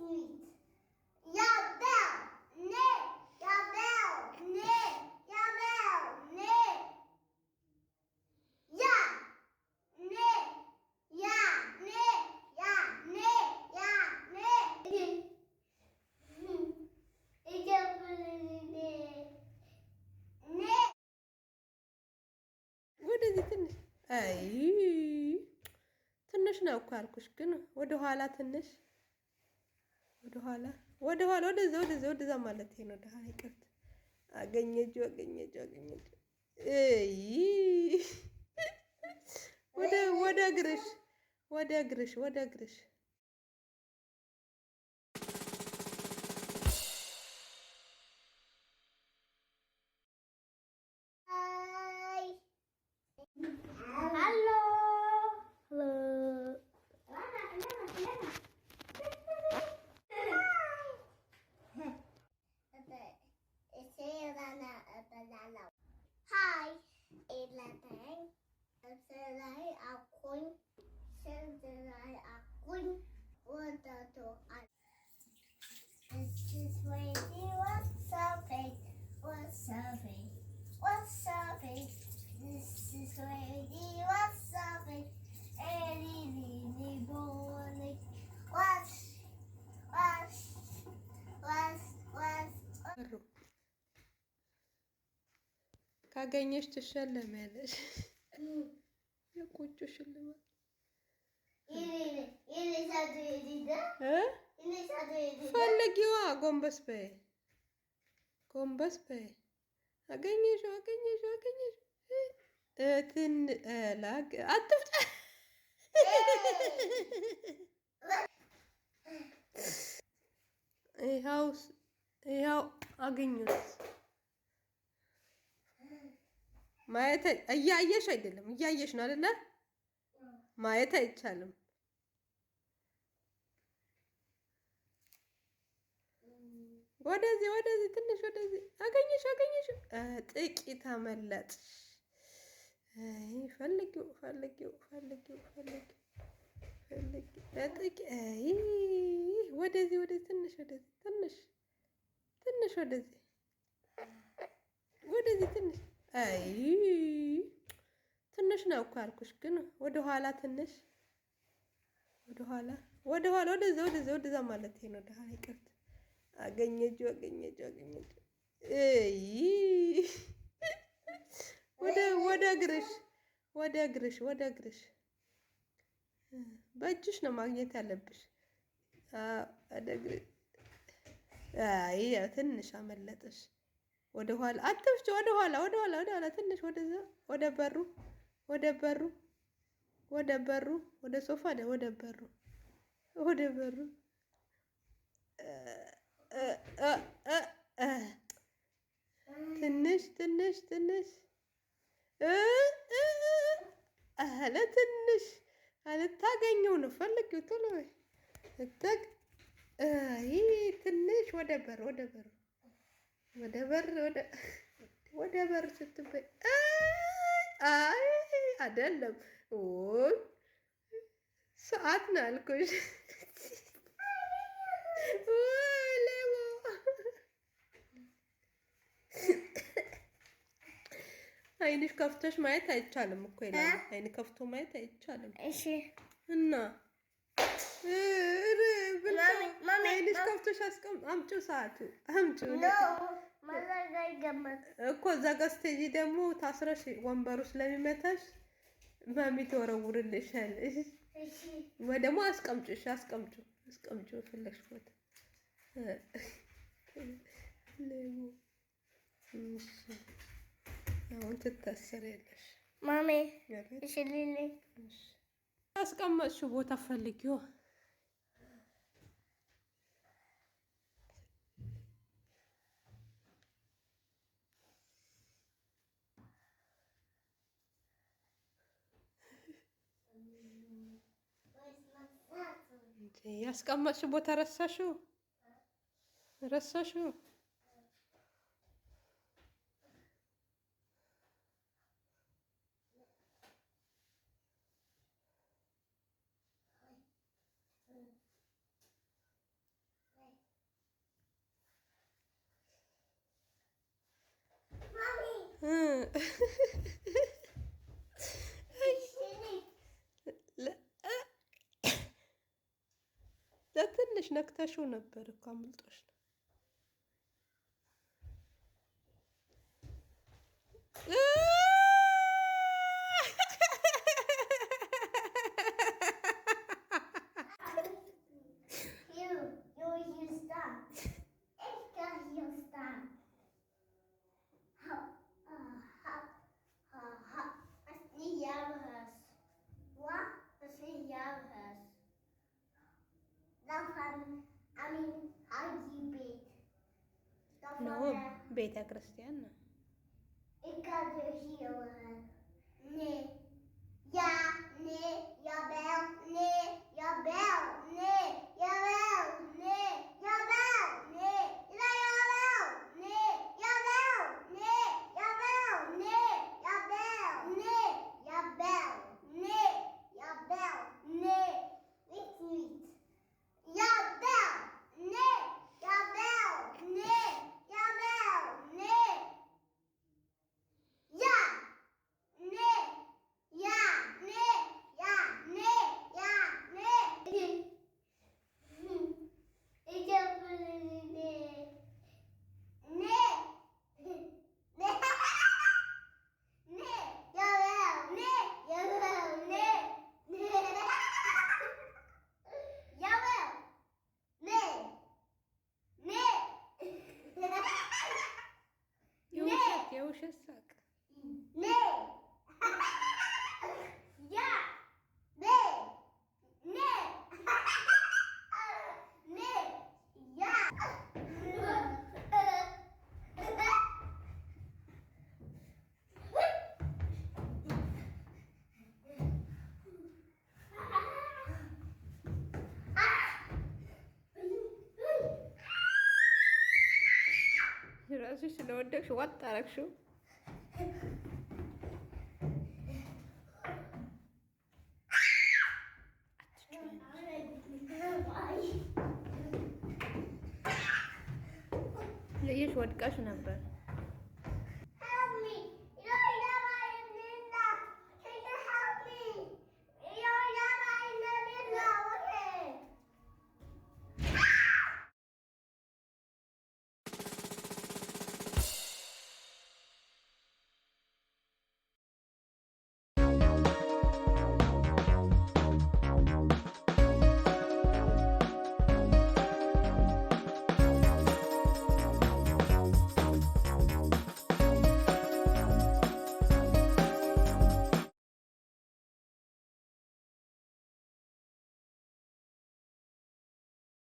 світ. Ябел, не, ябел, не, ябел, не. Я, не, я, не, я, не, я, не. Я не. ወደዚህ ትንሽ አይ ትንሽ ነው እኮ አልኩሽ፣ ግን ወደ ኋላ ትንሽ ወደኋላ ወደኋላ ወደዛ ወደዛ ወደዛ ማለት ይሄ ነው። ደህና ይቅርት አገኘችው አገኘችው አገኘችው። እይ ወደ ወደ እግርሽ ወደ እግርሽ ወደ እግርሽ kun water to us. This is where he was surfing, was surfing, This is where he was surfing, and he really bowling. Was, was, was, was. ካገኘሽ ትሸለሚያለሽ። የቆጮ ሽልማት ፈልጊዋ ጎንበስ በይ ጎንበስ በይ። አገኘሽው አገኘሽው አገኘሽው። እትን ላግ ይኸው አገኙት። ማየት እያየሽ አይደለም እያየሽ ነው አይደለ? ማየት አይቻልም። ወደዚህ ወደዚህ ትንሽ ወደዚህ አገኘሽ አገኘሽ ጥቂት አመለጥሽ። ፈልጊው ፈልጊው ፈልጊው ፈልጊው ፈልጊው ለጥቂት ወደዚህ ወደዚህ ትንሽ ወደዚህ ትንሽ ትንሽ ወደዚህ ወደዚህ ትንሽ አይ ትንሽ ነው እኮ አልኩሽ። ግን ወደ ኋላ ትንሽ ወደ ኋላ ወደ ኋላ ወደዛ ወደዛ ወደዛ ማለት ነው። ወደኋላ ይቅርት አገኘችው አገኘችው አገኘችው። ወደ ወደ እግርሽ ወደ እግርሽ ወደ እግርሽ በእጅሽ ነው ማግኘት ያለብሽ። ወደ አይ ትንሽ አመለጠሽ። ወደ ኋላ አትፍጭ። ወደ ኋላ ወደ ኋላ ወደ ኋላ ትንሽ ወደዛ ወደ በሩ ወደ በሩ ወደ በሩ ወደ ሶፋ ወደ በሩ ወደ በሩ ትንሽ ትንሽ ትንሽ አለ ትንሽ አልታገኘው ነው ፈልጊው ቶሎ እጠቅ ይህ ትንሽ ወደ በር ወደ በር ወደ በር ወደ በር ስትበይ አይ አይደለም ሰዓት ነው አልኩሽ። አይንሽ ከፍተሽ ማየት አይቻልም እኮ ይላል። አይን ከፍቶ ማየት አይቻልም። እሺ እና አይንሽ ከፍቶሽ አስቀም አምጪው፣ ሰዓቱ አምጪው እኮ እዛ ጋር ስትሄጂ ደግሞ ታስረሽ ወንበሩ ስለሚመታሽ ማሚ ትወረውርልሻል። እሺ ወይ ደግሞ አስቀምጪው። እሺ አስቀምጪው፣ አስቀምጪው የፈለግሽ ቦታ እሺ وانت تتأثر يلاش مامي ايش اللي لي بس كم شو بو تفلقيو ياسكم ما شو بو ترسشو رسشو ለትንሽ ነክተሽው ነበር እኮ አምልጦሽ ነው። ቤተ ክርስቲያን ነው። ስለደረስሽ ስለወደቅሽ ዋጥ አረግሽው። ለየሽ ወድቀሽ ነበር።